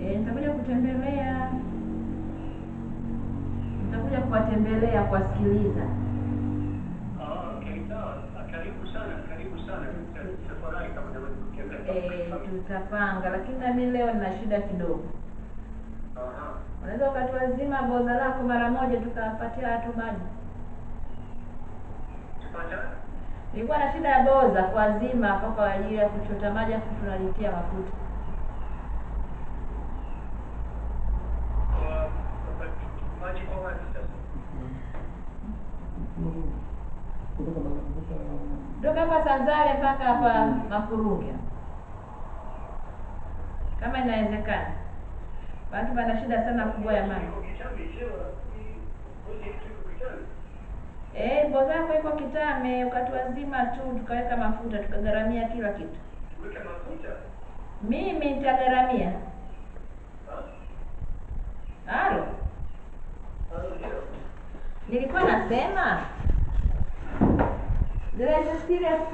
E, nitakuja kutembelea, nitakuja kuwatembelea kuwasikiliza. Eh, tutapanga, lakini nami leo nina shida kidogo. Unaweza ukatuwazima boza lako mara moja, tukawapatia watu maji Nilikuwa na shida ya boo kwa zima hapa kwa ajili ya kuchota maji, afu tunalipia mafuta. Kutoka hapa Sanzale mpaka hapa Makurunge, kama inawezekana, baki pana shida sana kubwa ya maji. Eh, nguo zako iko kitame, ukatuazima tu tukaweka mafuta tukagharamia kila kitu. mafuta. Mimi nitagharamia. Halo. Nilikuwa nasema There is a serious